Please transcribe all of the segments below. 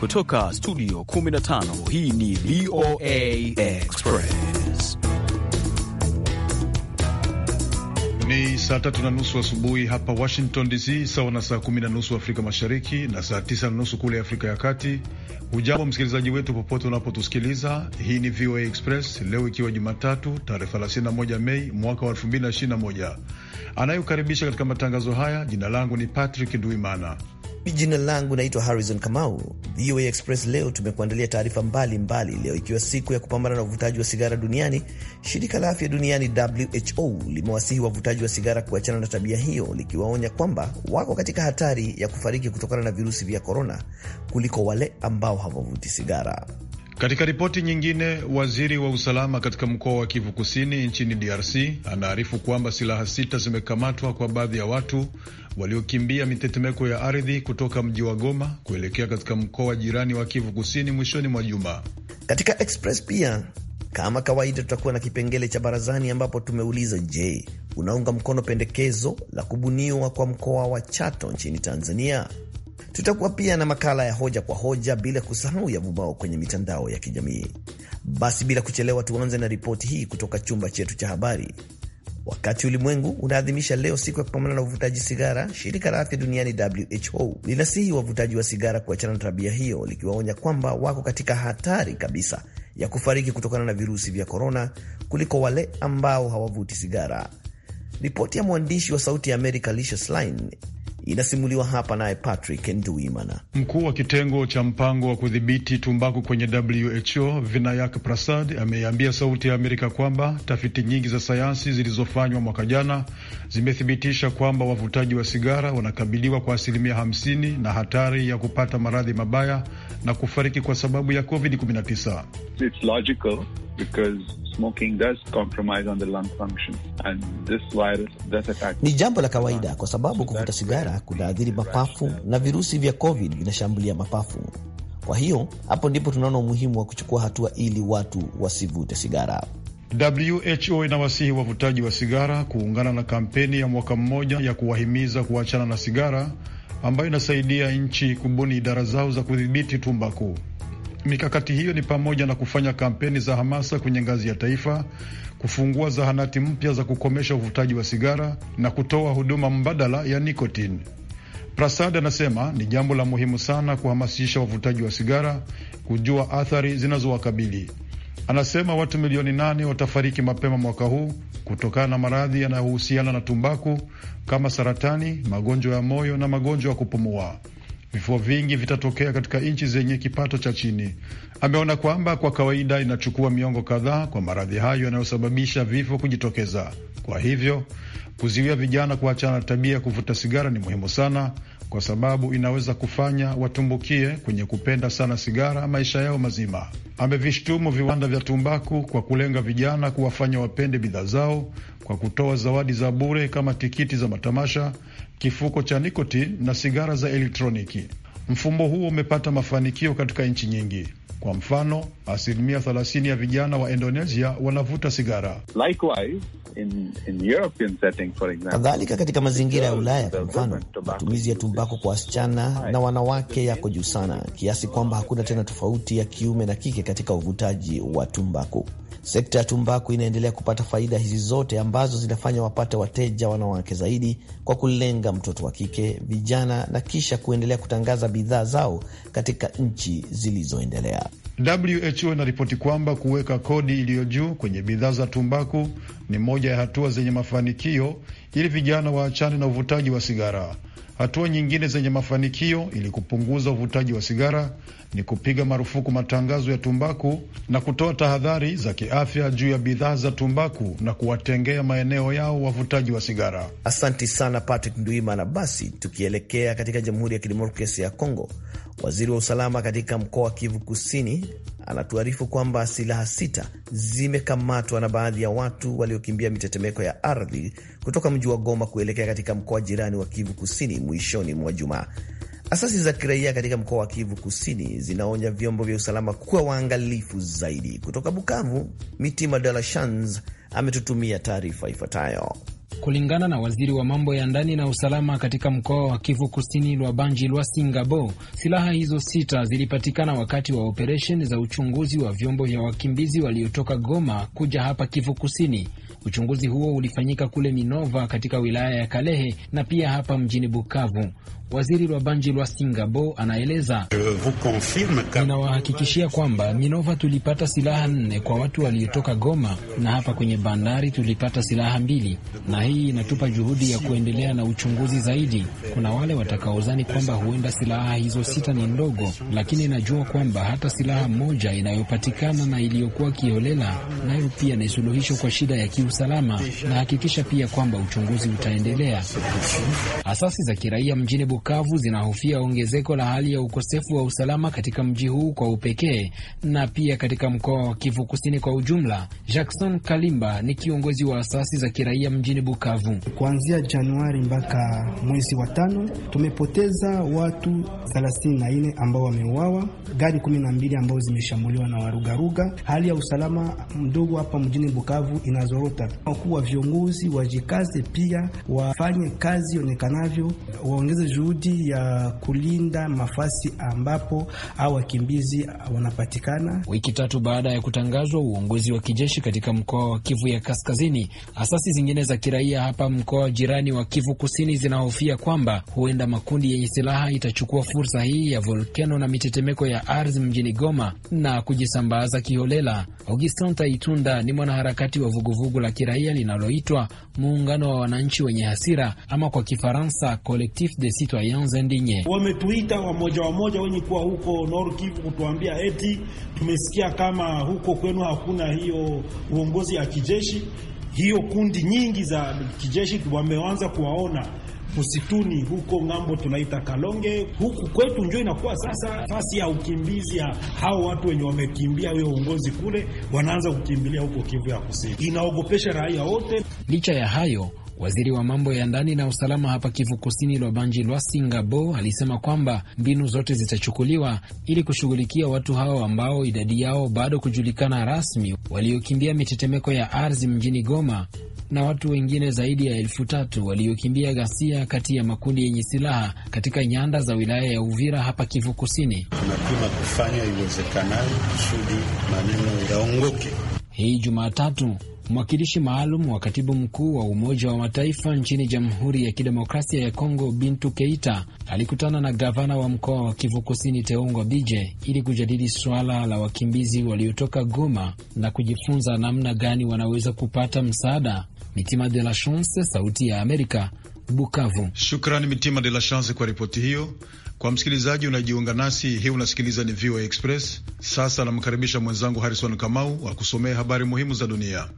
Kutoka studio 15 hii ni VOA Express. Ni saa tatu na nusu asubuhi wa hapa Washington DC, sawa na saa kumi na nusu Afrika Mashariki na saa tisa na nusu kule Afrika ya Kati. Ujambo msikilizaji wetu popote unapotusikiliza. Hii ni VOA Express leo ikiwa Jumatatu tarehe 31 Mei mwaka wa 2021. Anayokaribisha katika matangazo haya, jina langu ni Patrick nduimana Jina langu naitwa Harrison Kamau. VOA Express leo tumekuandalia taarifa mbalimbali, leo ikiwa siku ya kupambana na uvutaji wa sigara duniani. Shirika la Afya Duniani WHO limewasihi wavutaji wa sigara kuachana na tabia hiyo, likiwaonya kwamba wako katika hatari ya kufariki kutokana na virusi vya korona kuliko wale ambao hawavuti sigara. Katika ripoti nyingine, waziri wa usalama katika mkoa wa Kivu Kusini nchini DRC anaarifu kwamba silaha sita zimekamatwa kwa baadhi ya watu waliokimbia mitetemeko ya ardhi kutoka mji wa Goma kuelekea katika mkoa wa jirani wa Kivu Kusini mwishoni mwa juma. Katika Express pia kama kawaida, tutakuwa na kipengele cha barazani ambapo tumeuliza, je, unaunga mkono pendekezo la kubuniwa kwa mkoa wa Chato nchini Tanzania? Tutakuwa pia na makala ya hoja kwa hoja, bila kusahau ya vubao kwenye mitandao ya kijamii. Basi bila kuchelewa, tuanze na ripoti hii kutoka chumba chetu cha habari. Wakati ulimwengu unaadhimisha leo siku ya kupambana na uvutaji sigara, shirika la afya duniani WHO linasihi wavutaji wa sigara kuachana na tabia hiyo, likiwaonya kwamba wako katika hatari kabisa ya kufariki kutokana na virusi vya korona kuliko wale ambao hawavuti sigara. Ripoti ya mwandishi wa Sauti ya Amerika Licious Line Inasimuliwa hapa naye Patrick Nduimana, mkuu wa kitengo cha mpango wa kudhibiti tumbaku kwenye WHO Vinayak Prasad ameiambia Sauti ya Amerika kwamba tafiti nyingi za sayansi zilizofanywa mwaka jana zimethibitisha kwamba wavutaji wa sigara wanakabiliwa kwa asilimia 50 na hatari ya kupata maradhi mabaya na kufariki kwa sababu ya COVID-19 smoking does compromise on the lung function and this virus does attack. Ni jambo la kawaida kwa sababu kuvuta sigara kunaathiri mapafu na virusi vya COVID vinashambulia mapafu. Kwa hiyo hapo ndipo tunaona umuhimu wa kuchukua hatua ili watu wasivute sigara. WHO inawasihi wavutaji wa sigara kuungana na kampeni ya mwaka mmoja ya kuwahimiza kuachana na sigara ambayo inasaidia nchi kubuni idara zao za kudhibiti tumbaku. Mikakati hiyo ni pamoja na kufanya kampeni za hamasa kwenye ngazi ya taifa, kufungua zahanati mpya za kukomesha uvutaji wa sigara na kutoa huduma mbadala ya nikotini. Prasad anasema ni jambo la muhimu sana kuhamasisha wavutaji wa sigara kujua athari zinazowakabili. Anasema watu milioni nane watafariki mapema mwaka huu kutokana na maradhi yanayohusiana na tumbaku kama saratani, magonjwa ya moyo na magonjwa ya kupumua vifo vingi vitatokea katika nchi zenye kipato cha chini. Ameona kwamba kwa kawaida inachukua miongo kadhaa kwa maradhi hayo yanayosababisha vifo kujitokeza. Kwa hivyo kuziwia vijana kuachana na tabia ya kuvuta sigara ni muhimu sana, kwa sababu inaweza kufanya watumbukie kwenye kupenda sana sigara maisha yao mazima. Amevishtumu viwanda vya tumbaku kwa kulenga vijana kuwafanya wapende bidhaa zao kwa kutoa zawadi za bure kama tikiti za matamasha kifuko cha nikotini na sigara za elektroniki. Mfumo huo umepata mafanikio katika nchi nyingi. Kwa mfano, asilimia 30 ya vijana wa Indonesia wanavuta sigara. Kadhalika, katika mazingira ya Ulaya, kwa mfano, matumizi ya tumbako kwa wasichana na wanawake yako juu sana, kiasi kwamba hakuna tena tofauti ya kiume na kike katika uvutaji wa tumbako. Sekta ya tumbaku inaendelea kupata faida hizi zote ambazo zinafanya wapate wateja wanawake zaidi kwa kulenga mtoto wa kike, vijana na kisha kuendelea kutangaza bidhaa zao katika nchi zilizoendelea. WHO inaripoti kwamba kuweka kodi iliyo juu kwenye bidhaa za tumbaku ni moja ya hatua zenye mafanikio ili vijana waachane na uvutaji wa sigara. Hatua nyingine zenye mafanikio ili kupunguza uvutaji wa sigara ni kupiga marufuku matangazo ya tumbaku na kutoa tahadhari za kiafya juu ya bidhaa za tumbaku na kuwatengea maeneo yao wavutaji wa sigara. Asanti sana Patrick Nduimana. Basi tukielekea katika Jamhuri ya Kidemokrasia ya Kongo, waziri wa usalama katika mkoa wa Kivu Kusini anatuarifu kwamba silaha sita zimekamatwa na baadhi ya watu waliokimbia mitetemeko ya ardhi kutoka mji wa Goma kuelekea katika mkoa jirani wa Kivu Kusini mwishoni mwa jumaa. Asasi za kiraia katika mkoa wa Kivu Kusini zinaonya vyombo vya usalama kuwa waangalifu zaidi. Kutoka Bukavu, Mitima De La Shans ametutumia taarifa ifuatayo. Kulingana na waziri wa mambo ya ndani na usalama katika mkoa wa Kivu Kusini, Lwabanji Lwa Singabo, silaha hizo sita zilipatikana wakati wa operesheni za uchunguzi wa vyombo vya wakimbizi waliotoka Goma kuja hapa Kivu Kusini. Uchunguzi huo ulifanyika kule Minova katika wilaya ya Kalehe na pia hapa mjini Bukavu. Waziri wa wa Singapore anaeleza, ninawahakikishia kwamba Minova tulipata silaha nne kwa watu waliotoka Goma, na hapa kwenye bandari tulipata silaha mbili, na hii inatupa juhudi ya kuendelea na uchunguzi zaidi. Kuna wale watakaozani kwamba huenda silaha hizo sita ni ndogo, lakini najua kwamba hata silaha moja inayopatikana na iliyokuwa kiholela nayo pia ni suluhisho kwa shida ya kiusalama. Nahakikisha pia kwamba uchunguzi utaendelea. Asasi za kiraia mjini Bukavu zinahofia ongezeko la hali ya ukosefu wa usalama katika mji huu kwa upekee na pia katika mkoa wa Kivu Kusini kwa ujumla. Jackson Kalimba ni kiongozi wa asasi za kiraia mjini Bukavu. Kuanzia Januari mpaka mwezi wa tano tumepoteza watu 34 ambao wameuawa, gari 12 ambao zimeshambuliwa na warugaruga. Hali ya usalama mdogo hapa mjini Bukavu inazorota. Wakuu wa viongozi wajikaze, pia wafanye kazi onekanavyo, waongeze juhudi juhudi ya kulinda mafasi ambapo au wakimbizi wanapatikana. Wiki tatu baada ya kutangazwa uongozi wa kijeshi katika mkoa wa Kivu ya Kaskazini, asasi zingine za kiraia hapa mkoa jirani wa Kivu Kusini zinahofia kwamba huenda makundi yenye silaha itachukua fursa hii ya volkeno na mitetemeko ya ardhi mjini Goma na kujisambaza kiholela. Augustin Taitunda ni mwanaharakati wa vuguvugu la kiraia linaloitwa Muungano wa Wananchi Wenye Hasira ama kwa Kifaransa Collectif des Citoyens Doyanze Ndinye. Wametuita wamoja wamoja wenye kuwa huko Nord Kivu kutuambia eti tumesikia kama huko kwenu hakuna hiyo uongozi ya kijeshi. Hiyo kundi nyingi za kijeshi wameanza kuwaona msituni huko ng'ambo tunaita Kalonge, huku kwetu njo inakuwa sasa fasi ya ukimbizi ya hao watu wenye wamekimbia huyo uongozi kule, wanaanza kukimbilia huko Kivu ya Kusini. Inaogopesha raia wote. Licha ya hayo, Waziri wa mambo ya ndani na usalama hapa Kivu Kusini, Lwabanji Singabo, alisema kwamba mbinu zote zitachukuliwa ili kushughulikia watu hao ambao idadi yao bado kujulikana rasmi, waliokimbia mitetemeko ya ardhi mjini Goma na watu wengine zaidi ya elfu tatu waliokimbia ghasia kati ya makundi yenye silaha katika nyanda za wilaya ya Uvira hapa Kivu Kusini. Tunapima kufanya iwezekanayo kusudi maneno yaongoke. Hii Jumatatu Mwakilishi maalum wa katibu mkuu wa Umoja wa Mataifa nchini Jamhuri ya Kidemokrasia ya Kongo, Bintu Keita, alikutana na gavana wa mkoa wa Kivu Kusini, teungo Bije, ili kujadili suala la wakimbizi waliotoka Goma na kujifunza namna gani wanaweza kupata msaada. Mitima de la Chance, Sauti ya Amerika, Bukavu. Shukrani Mitima de la Chance kwa ripoti hiyo. Kwa msikilizaji unajiunga nasi hii, unasikiliza ni VOA Express. Sasa anamkaribisha mwenzangu Harrison Kamau akusomea habari muhimu za dunia.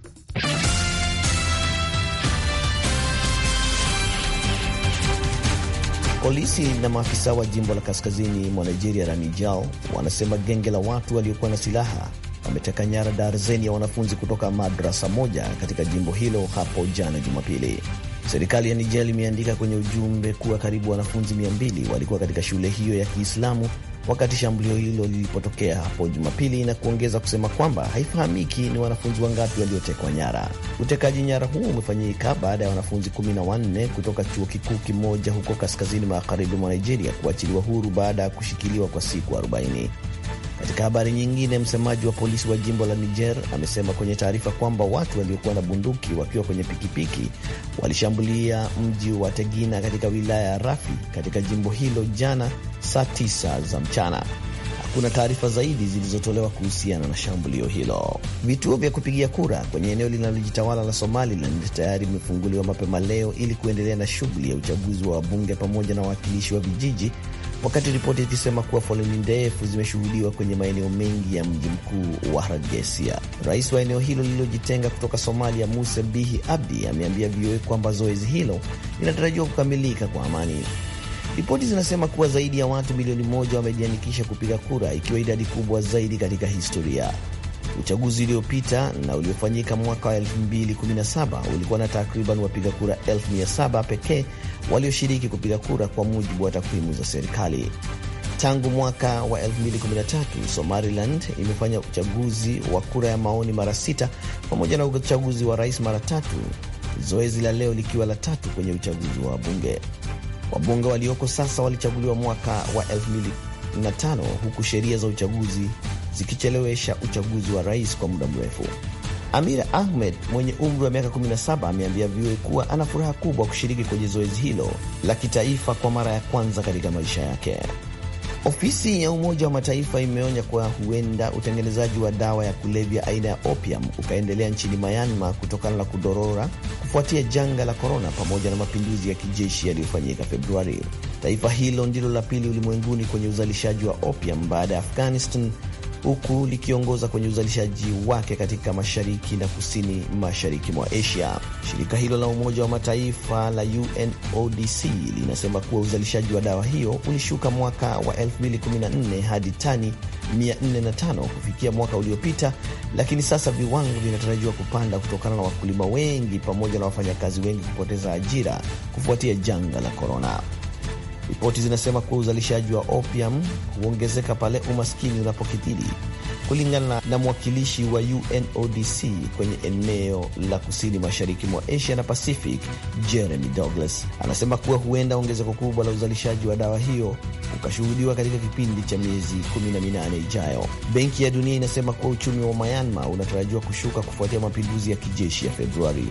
Polisi na maafisa wa jimbo la kaskazini mwa Nigeria la Nijao wanasema genge la watu waliokuwa na silaha wameteka nyara darzeni ya wanafunzi kutoka madrasa moja katika jimbo hilo hapo jana Jumapili. Serikali ya Niger imeandika kwenye ujumbe kuwa karibu wanafunzi 200 walikuwa katika shule hiyo ya Kiislamu wakati shambulio hilo lilipotokea hapo Jumapili na kuongeza kusema kwamba haifahamiki ni wanafunzi wangapi waliotekwa nyara. Utekaji nyara huu umefanyika baada ya wanafunzi 14 kutoka chuo kikuu kimoja huko kaskazini magharibi mwa Nigeria kuachiliwa huru baada ya kushikiliwa kwa siku katika habari nyingine, msemaji wa polisi wa jimbo la Niger amesema kwenye taarifa kwamba watu waliokuwa na bunduki wakiwa kwenye pikipiki walishambulia mji wa Tegina katika wilaya ya Rafi katika jimbo hilo jana saa 9 za mchana. Hakuna taarifa zaidi zilizotolewa kuhusiana na shambulio hilo. Vituo vya kupigia kura kwenye eneo linalojitawala la Somaliland tayari vimefunguliwa mapema leo ili kuendelea na shughuli ya uchaguzi wa wabunge pamoja na wawakilishi wa vijiji wakati ripoti ikisema kuwa foleni ndefu zimeshuhudiwa kwenye maeneo mengi ya mji mkuu wa Hargeisa. Rais wa eneo hilo lililojitenga kutoka Somalia, Muse Bihi Abdi, ameambia VOA kwamba zoezi hilo linatarajiwa kukamilika kwa amani. Ripoti zinasema kuwa zaidi ya watu milioni moja wamejiandikisha kupiga kura, ikiwa idadi kubwa zaidi katika historia. Uchaguzi uliopita na uliofanyika mwaka wa 2017 ulikuwa na takriban wapiga kura 7 pekee walioshiriki kupiga kura kwa mujibu wa takwimu za serikali. Tangu mwaka wa 2013 Somaliland imefanya uchaguzi wa kura ya maoni mara sita pamoja na uchaguzi wa rais mara tatu, zoezi la leo likiwa la tatu kwenye uchaguzi wa wabunge. Wabunge walioko sasa walichaguliwa mwaka wa 2005 huku sheria za uchaguzi zikichelewesha uchaguzi wa rais kwa muda mrefu. Amir Ahmed mwenye umri wa miaka 17 ameambia VOA kuwa ana furaha kubwa kushiriki kwenye zoezi hilo la kitaifa kwa mara ya kwanza katika maisha yake. Ofisi ya Umoja wa Mataifa imeonya kuwa huenda utengenezaji wa dawa ya kulevya aina ya opium ukaendelea nchini Myanmar kutokana na kudorora kufuatia janga la korona pamoja na mapinduzi ya kijeshi yaliyofanyika Februari. Taifa hilo ndilo la pili ulimwenguni kwenye uzalishaji wa opium baada ya Afghanistan huku likiongoza kwenye uzalishaji wake katika mashariki na kusini mashariki mwa Asia. Shirika hilo la Umoja wa Mataifa la UNODC linasema kuwa uzalishaji wa dawa hiyo ulishuka mwaka wa 2014 hadi tani 405 kufikia mwaka uliopita, lakini sasa viwango vinatarajiwa kupanda kutokana na wakulima wengi pamoja na wafanyakazi wengi kupoteza ajira kufuatia janga la korona. Ripoti zinasema kuwa uzalishaji wa opium huongezeka pale umaskini unapokithiri, kulingana na mwakilishi wa UNODC kwenye eneo la kusini mashariki mwa Asia na Pacific, Jeremy Douglas anasema kuwa huenda ongezeko kubwa la uzalishaji wa dawa hiyo ukashuhudiwa katika kipindi cha miezi 18 ijayo. Benki ya Dunia inasema kuwa uchumi wa Myanmar unatarajiwa kushuka kufuatia mapinduzi ya kijeshi ya Februari.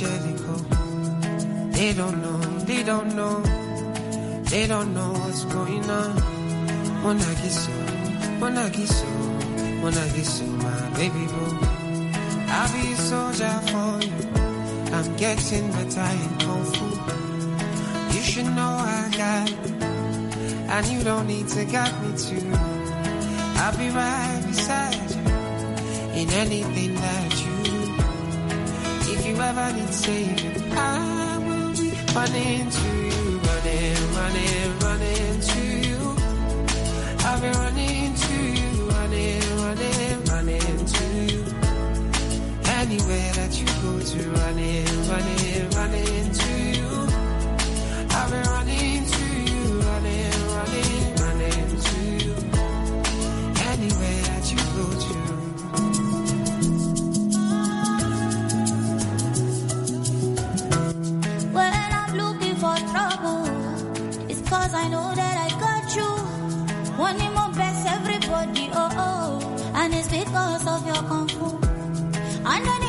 They don't know, they don't know, they don't know what's going on. When I get so, when I get so, when I get so, my baby boy. I'll be a soldier for you. I'm getting but I ain't kung fu. You should know I got you. And you don't need to guide me too. I'll be right beside you in anything that you if you ever need saving, I will be running to you, running, running, running to you. i have been running to you, running, running, running to you. Anywhere that you go to, running, running, running to you. i have been running to is because of your kung fu. Underneath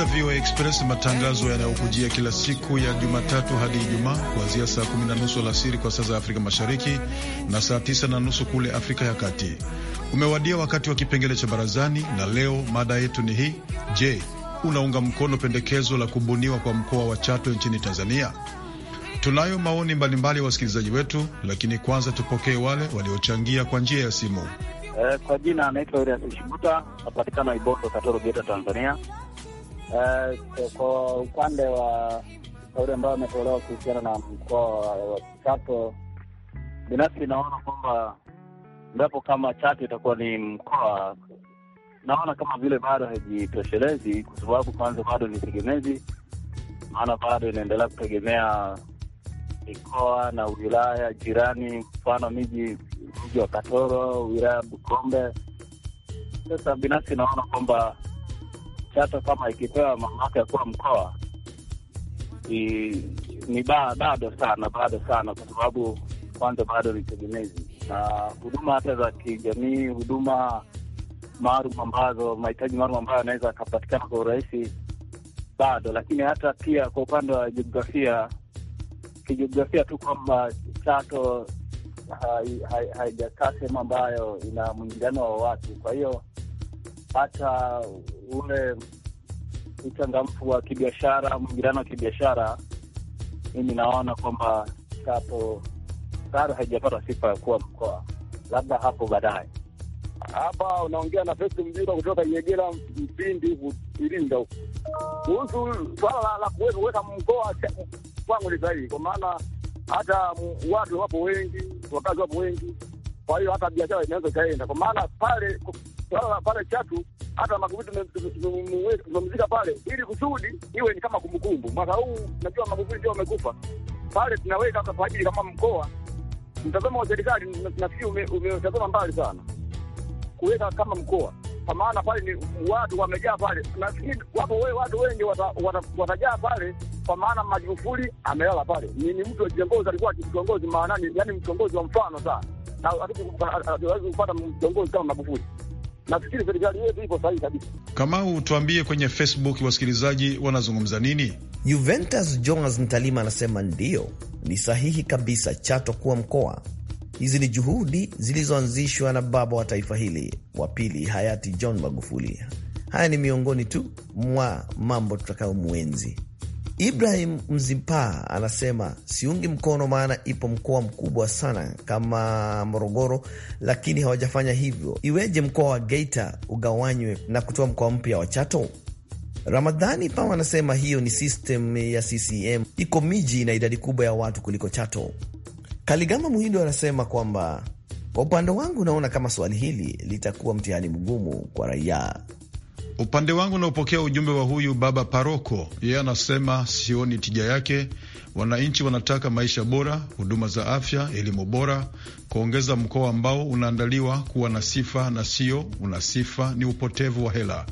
kusikiliza VOA Express, matangazo yanayokujia kila siku ya Jumatatu hadi Ijumaa kuanzia saa kumi na nusu alasiri kwa saa za Afrika Mashariki na saa tisa na nusu kule Afrika ya Kati. Umewadia wakati wa kipengele cha barazani, na leo mada yetu ni hii: Je, unaunga mkono pendekezo la kubuniwa kwa mkoa wa Chato nchini Tanzania? Tunayo maoni mbalimbali ya wasikilizaji wetu, lakini kwanza tupokee wale waliochangia kwa njia ya simu. Eh, kwa jina anaitwa Elias Shibuta, napatikana Ibondo, Katoro, Geita, Tanzania. Uh, kwa upande wa kauli ambayo ametolewa kuhusiana na mkoa wa Chato, binafsi naona kwamba endapo kama Chato itakuwa ni mkoa, naona kama vile bado haijitoshelezi, kwa sababu kwanza bado ni tegemezi, maana bado inaendelea kutegemea mikoa na wilaya jirani, mfano miji mji wa Katoro, wilaya ya Bukombe. Sasa binafsi naona kwamba Chato kama ikipewa mamlaka ya kuwa mkoa ni ba, bado sana bado sana, kwa sababu kwanza bado ni tegemezi na huduma hata za kijamii, huduma maalum ambazo mahitaji maalum ambayo anaweza akapatikana kwa urahisi bado. Lakini hata pia kwa upande wa jiografia, kijiografia tu kwamba Chato haijakaa sehemu ambayo ina mwingiliano wa watu, kwa hiyo hata ule uchangamfu wa kibiashara, mwingiliano wa kibiashara, mimi naona kwamba Chato bado haijapata sifa ya kuwa mkoa, labda hapo baadaye. Hapa unaongea na Festo Mjira kutoka Nyegera, Mpindi Ilinda. huku. Kuhusu swala la kuweka mkoa kwangu ni sahihi, kwa maana hata watu wapo wengi, wakazi wapo wengi, kwa hiyo hata biashara inaweza ikaenda, kwa maana pale swala la pale Chatu hata Magufuli tumemzika pale ili kusudi iwe ni kama kumbukumbu. Mwaka huu najua Magufuli ndio wamekufa pale, tunaweka kwa ajili kama mkoa. Mtazamo wa serikali nafikiri umetazama mbali sana kuweka kama mkoa, kwa maana pale ni watu wamejaa pale. Nafikiri wapo we watu wengi watajaa pale, kwa maana Magufuli amelala pale. Ni mtu wa kiongozi, alikuwa kiongozi maanani, yani mtongozi wa mfano sana, na hatuwezi kupata mtongozi kama Magufuli. Nafikiri serikali yetu iko sahihi kabisa. Kamau, tuambie kwenye Facebook wasikilizaji wanazungumza nini? Juventus Jonas Ntalima anasema ndiyo, ni sahihi kabisa Chato kuwa mkoa. Hizi ni juhudi zilizoanzishwa na baba wa taifa hili wa pili hayati John Magufuli. Haya ni miongoni tu mwa mambo tutakayomwenzi mwenzi. Ibrahim mzipa anasema siungi mkono, maana ipo mkoa mkubwa sana kama Morogoro, lakini hawajafanya hivyo. Iweje mkoa wa Geita ugawanywe na kutoa mkoa mpya wa Chato? Ramadhani Pao anasema hiyo ni system ya CCM, iko miji na idadi kubwa ya watu kuliko Chato. Kaligama Muhindo anasema kwamba kwa upande wangu naona kama swali hili litakuwa mtihani mgumu kwa raia Upande wangu unaopokea ujumbe wa huyu baba paroko, yeye anasema sioni tija yake. Wananchi wanataka maisha bora, huduma za afya, elimu bora, kuongeza mkoa ambao unaandaliwa kuwa na sifa na sio una sifa, ni upotevu wa hela.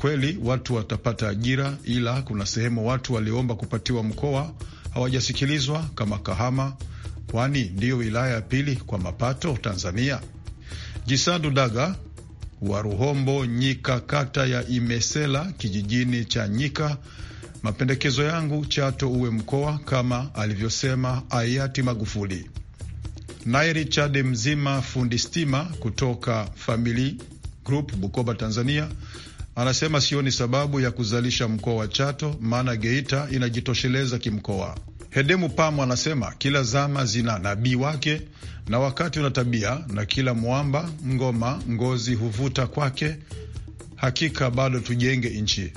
Kweli watu watapata ajira, ila kuna sehemu watu waliomba kupatiwa mkoa hawajasikilizwa, kama Kahama, kwani ndiyo wilaya ya pili kwa mapato Tanzania. Jisadu Daga wa Ruhombo Nyika, kata ya Imesela kijijini cha Nyika. Mapendekezo yangu Chato uwe mkoa kama alivyosema hayati Magufuli. Naye Richard Mzima, fundi stima kutoka famili Group Bukoba, Tanzania, anasema sioni sababu ya kuzalisha mkoa wa Chato, maana Geita inajitosheleza kimkoa. Hedemu Pamo anasema kila zama zina nabii wake na wakati una tabia, na kila mwamba, ngoma, ngozi huvuta kwake. Hakika bado tujenge nchi.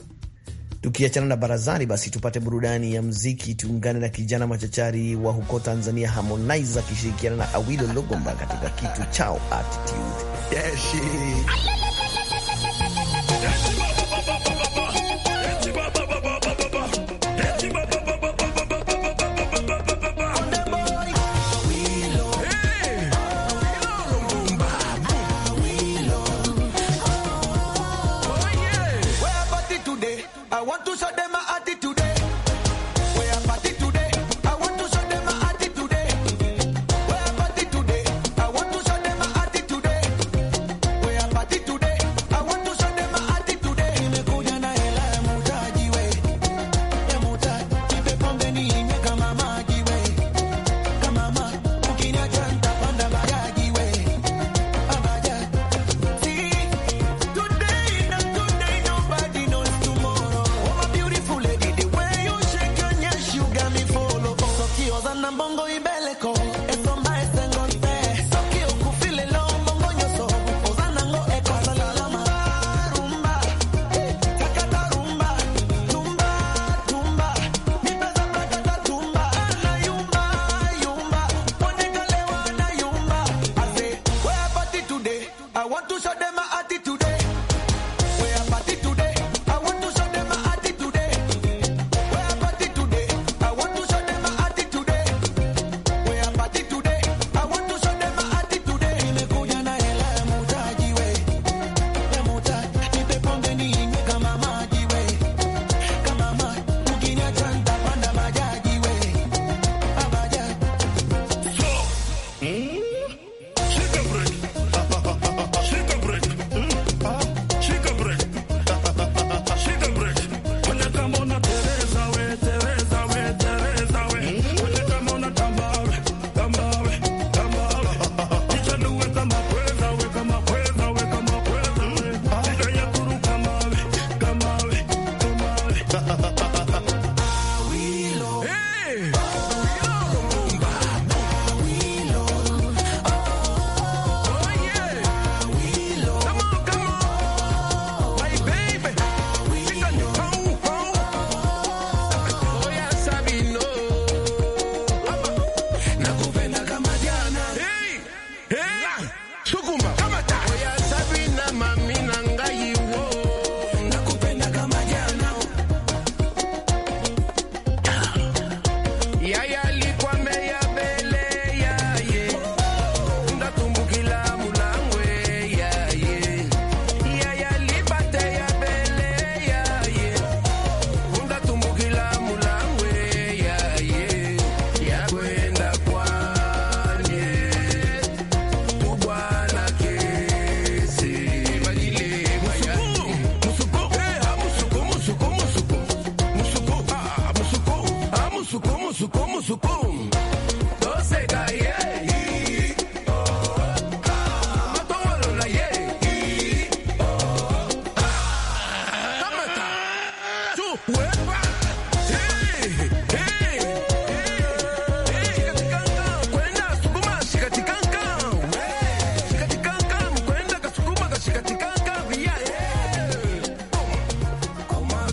Tukiachana na barazani, basi tupate burudani ya mziki. Tuungane na kijana machachari wa huko Tanzania, Harmonize akishirikiana na Awilo Logomba katika kitu chao Attitude.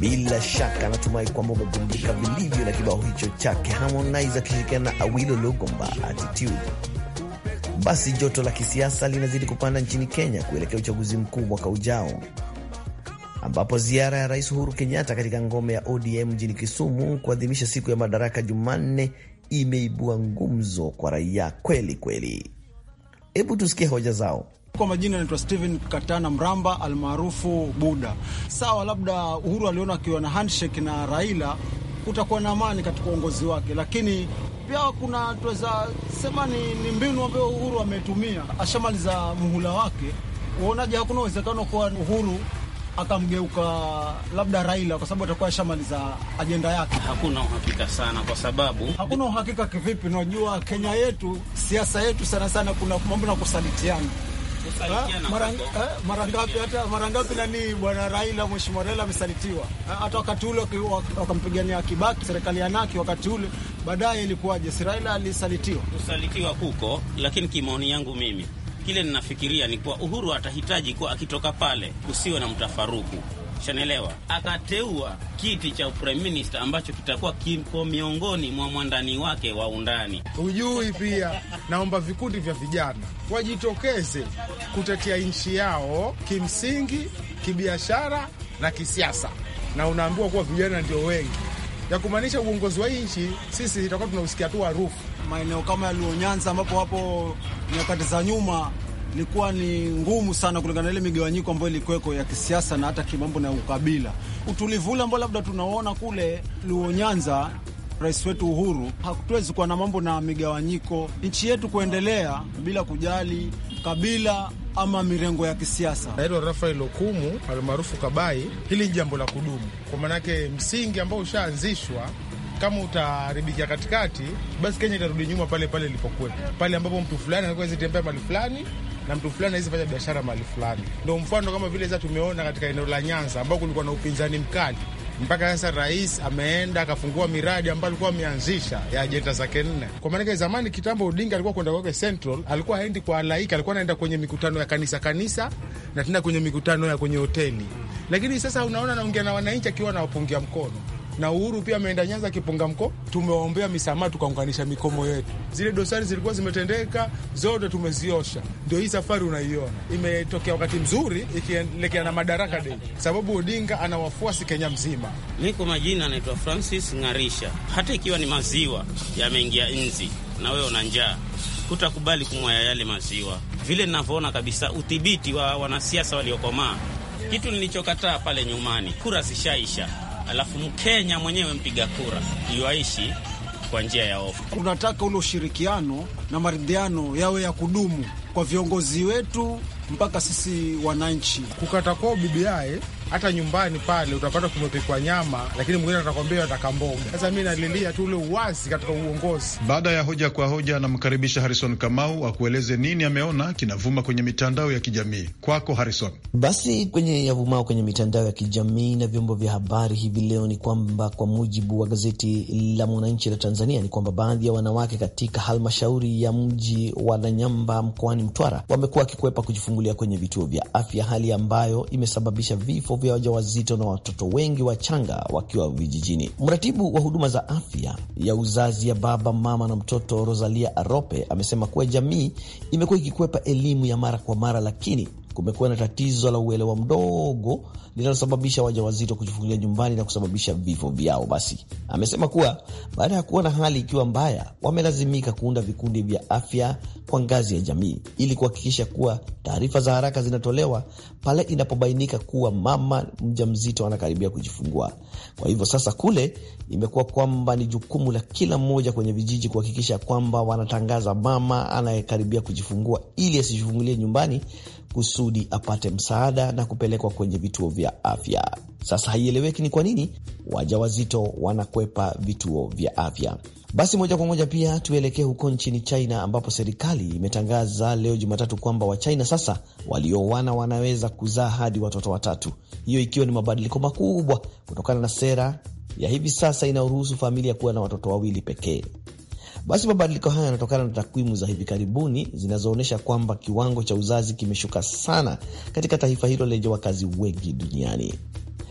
Bila shaka natumai kwamba umeburudika vilivyo na kibao hicho chake Harmonize akishirikiana na Awilo Logomba Attitude. Basi joto la kisiasa linazidi kupanda nchini Kenya kuelekea uchaguzi mkuu mwaka ujao, ambapo ziara ya Rais Uhuru Kenyatta katika ngome ya ODM mjini Kisumu kuadhimisha siku ya madaraka Jumanne imeibua ngumzo kwa raia kweli kweli. Hebu tusikie hoja zao. Kwa majina anaitwa Steven Katana Mramba almaarufu Buda. Sawa, labda Uhuru aliona akiwa na handshake na Raila kutakuwa na amani katika uongozi wake, lakini pia kuna tuweza sema ni, ni mbinu ambayo Uhuru ametumia. Ashamaliza muhula wake, uonaje? Hakuna uwezekano kuwa Uhuru akamgeuka labda Raila kwa sababu atakuwa ashamaliza ajenda yake. Hakuna uhakika sana, kwa sababu hakuna uhakika. Kivipi? Unajua Kenya yetu, siasa yetu sana sana, kuna mambo na kusalitiana Ah, ah, mara ngapi? Hata mara ngapi nani bwana Raila, mheshimiwa Raila amesalitiwa. Ah, hata wakati ule wakampigania Kibaki, serikali yanaki, wakati ule baadaye ilikuwaje? Si Raila alisalitiwa? Kusalitiwa huko, lakini kimaoni yangu mimi kile ninafikiria ni kuwa Uhuru atahitaji kuwa akitoka pale kusiwe na mtafaruku Shanelewa akateua kiti cha prime minister ambacho kitakuwa kipo miongoni mwa mwandani wake wa undani hujui. Pia naomba vikundi vya vijana wajitokeze kutetea nchi yao kimsingi, kibiashara na kisiasa, na unaambiwa kuwa vijana ndio wengi ya kumaanisha uongozi wa nchi sisi itakuwa tunausikia tu harufu maeneo kama yaliyonyanza ambapo hapo nyakati za nyuma ilikuwa ni ngumu sana kulingana na ile migawanyiko ambayo ilikuweko ya kisiasa na hata kimambo na ukabila. Utulivu ule ambao labda tunaona kule Luo Nyanza, rais wetu Uhuru, hatuwezi kuwa na mambo na migawanyiko, nchi yetu kuendelea bila kujali kabila ama mirengo ya kisiasa. Naitwa Rafael Okumu almaarufu Kabai. Hili ni jambo la kudumu, kwa maanake msingi ambao ushaanzishwa kama utaharibikia katikati, basi Kenya itarudi nyuma pale pale ilipokuwa, pale ambapo mtu fulani anakuwa zitembea mali fulani na mtu fulani awezi fanya biashara mahali fulani. Ndo mfano kama vile sasa tumeona katika eneo la Nyanza ambao kulikuwa na upinzani mkali mpaka sasa rais ameenda akafungua miradi ambayo alikuwa ameanzisha ya ajenda zake nne. Kwa maanake zamani kitambo, Odinga alikuwa kwenda kwake Central, alikuwa haendi kwa halaiki, alikuwa anaenda kwenye mikutano ya kanisa kanisa na tena kwenye mikutano ya kwenye hoteli, lakini sasa unaona anaongea na wananchi akiwa anawapungia mkono na Uhuru pia ameenda Nyanza kipunga mko, tumewaombea misamaha, tukaunganisha mikomo yetu. Zile dosari zilikuwa zimetendeka zote tumeziosha, ndio hii safari unaiona imetokea wakati mzuri, ikielekea na Madaraka Day sababu Odinga ana wafuasi Kenya mzima. Mi kwa majina anaitwa Francis Ng'arisha. Hata ikiwa ni maziwa yameingia nzi na wewe una njaa, hutakubali kumwaya yale maziwa. Vile ninavyoona kabisa udhibiti wa wanasiasa waliokomaa, kitu nilichokataa pale nyumani, kura zishaisha alafu Mkenya mwenyewe mpiga kura yuaishi kwa njia ya ofu. Tunataka ule ushirikiano na maridhiano yawe ya kudumu kwa viongozi wetu mpaka sisi wananchi. Kukata kwao BBI hata nyumbani pale utapata kumepikwa nyama, lakini mwingine atakwambia ataka mboga. Sasa mi nalilia tu ule uwazi katika uongozi. Baada ya hoja kwa hoja, anamkaribisha Harison Kamau akueleze nini ameona kinavuma kwenye mitandao ya kijamii. Kwako Harison. Basi kwenye yavumao kwenye mitandao ya kijamii na vyombo vya habari hivi leo ni kwamba kwa mujibu wa gazeti la Mwananchi la Tanzania ni kwamba baadhi ya wanawake katika halmashauri ya mji wa Nanyamba mkoani Mtwara wamekuwa wakikwepa kujifungulia kwenye vituo vya afya, hali ambayo imesababisha vifo vya wajawazito na watoto wengi wachanga wakiwa vijijini. Mratibu wa huduma za afya ya uzazi ya baba, mama na mtoto, Rosalia Arope, amesema kuwa jamii imekuwa ikikwepa elimu ya mara kwa mara, lakini kumekuwa na tatizo la uelewa mdogo linalosababisha wajawazito kujifungulia nyumbani na kusababisha vifo vyao. Basi amesema kuwa baada ya kuona hali ikiwa mbaya, wamelazimika kuunda vikundi vya afya kwa ngazi ya jamii ili kuhakikisha kuwa taarifa za haraka zinatolewa pale inapobainika kuwa mama mjamzito anakaribia kujifungua. Kwa hivyo sasa kule imekuwa kwamba ni jukumu la kila mmoja kwenye vijiji kuhakikisha kwamba wanatangaza mama anayekaribia kujifungua ili asijifungulie nyumbani kusudi apate msaada na kupelekwa kwenye vituo vya afya. Sasa haieleweki ni kwa nini wajawazito wanakwepa vituo vya afya. Basi moja kwa moja pia tuelekee huko nchini China, ambapo serikali imetangaza leo Jumatatu kwamba Wachina sasa walioana wanaweza kuzaa hadi watoto watatu, hiyo ikiwa ni mabadiliko makubwa kutokana na sera ya hivi sasa inayoruhusu familia kuwa na watoto wawili pekee. Basi mabadiliko haya yanatokana na takwimu za hivi karibuni zinazoonyesha kwamba kiwango cha uzazi kimeshuka sana katika taifa hilo lenye wakazi wengi duniani.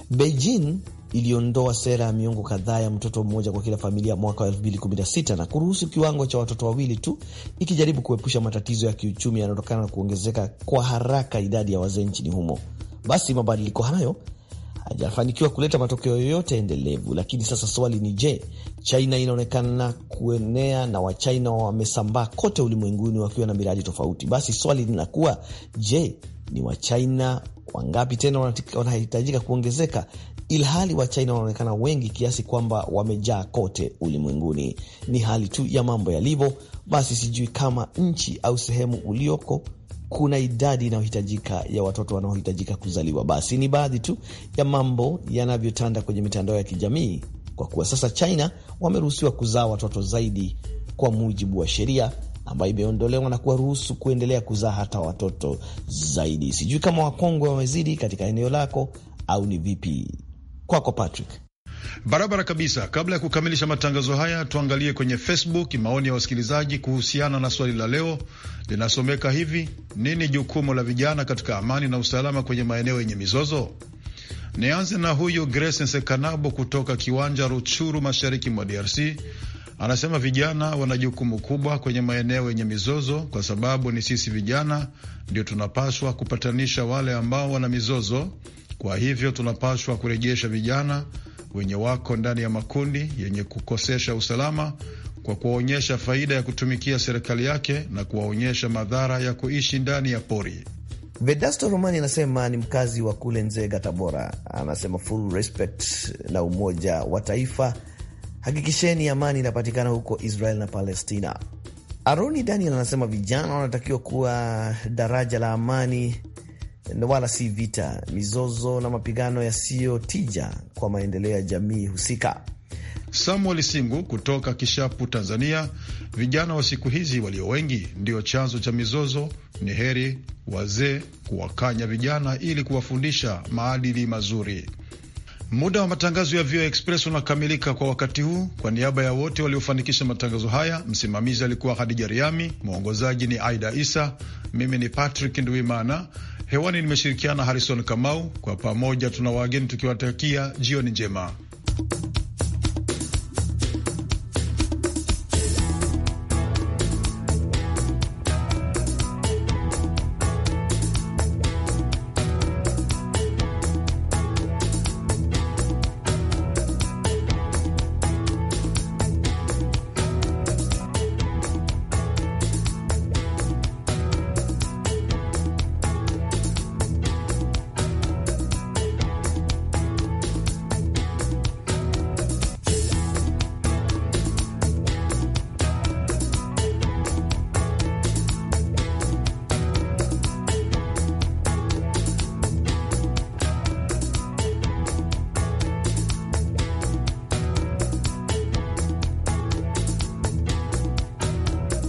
Beijing iliondoa sera ya miongo kadhaa ya mtoto mmoja kwa kila familia mwaka wa 2016 na kuruhusu kiwango cha watoto wawili tu, ikijaribu kuepusha matatizo ya kiuchumi yanayotokana na kuongezeka kwa haraka idadi ya wazee nchini humo. Basi mabadiliko hayo hajafanikiwa kuleta matokeo yoyote endelevu. Lakini sasa swali ni je, China inaonekana kuenea na Wachina wamesambaa kote ulimwenguni wakiwa na miradi tofauti. Basi swali linakuwa je, ni Wachina wangapi tena wanahitajika kuongezeka ilhali Wachina wanaonekana wengi kiasi kwamba wamejaa kote ulimwenguni? Ni hali tu ya mambo yalivyo. Basi sijui kama nchi au sehemu ulioko kuna idadi inayohitajika ya watoto wanaohitajika kuzaliwa. Basi ni baadhi tu ya mambo yanavyotanda kwenye mitandao ya kijamii, kwa kuwa sasa China wameruhusiwa kuzaa watoto zaidi kwa mujibu wa sheria ambayo imeondolewa na kuwaruhusu kuendelea kuzaa hata watoto zaidi. Sijui kama wakongwe wamezidi katika eneo lako au ni vipi kwako, Patrick? Barabara kabisa. Kabla ya kukamilisha matangazo haya, tuangalie kwenye Facebook maoni ya wasikilizaji kuhusiana na swali la leo. Linasomeka hivi: nini jukumu la vijana katika amani na usalama kwenye maeneo yenye mizozo? Nianze na huyu Grace Nsekanabo kutoka Kiwanja Ruchuru, mashariki mwa DRC. Anasema vijana wana jukumu kubwa kwenye maeneo yenye mizozo, kwa sababu ni sisi vijana ndio tunapaswa kupatanisha wale ambao wana mizozo. Kwa hivyo tunapaswa kurejesha vijana wenye wako ndani ya makundi yenye kukosesha usalama kwa kuwaonyesha faida ya kutumikia serikali yake na kuwaonyesha madhara ya kuishi ndani ya pori. Vedasto Romani anasema ni mkazi wa kule Nzega, Tabora. Anasema full respect na umoja wa taifa, hakikisheni amani inapatikana huko Israel na Palestina. Aroni Daniel anasema vijana wanatakiwa kuwa daraja la amani wala si vita, mizozo na mapigano yasiyotija kwa maendeleo ya jamii husika. Samuel Singu kutoka Kishapu, Tanzania. Vijana wa siku hizi walio wengi ndio chanzo cha mizozo. Ni heri wazee kuwakanya vijana ili kuwafundisha maadili mazuri. Muda wa matangazo ya VOA Express unakamilika kwa wakati huu. Kwa niaba ya wote waliofanikisha matangazo haya, msimamizi alikuwa Hadija Riami, mwongozaji ni Aida Isa, mimi ni Patrick Nduimana Hewani nimeshirikiana Harrison Kamau, kwa pamoja tuna wageni tukiwatakia jioni njema.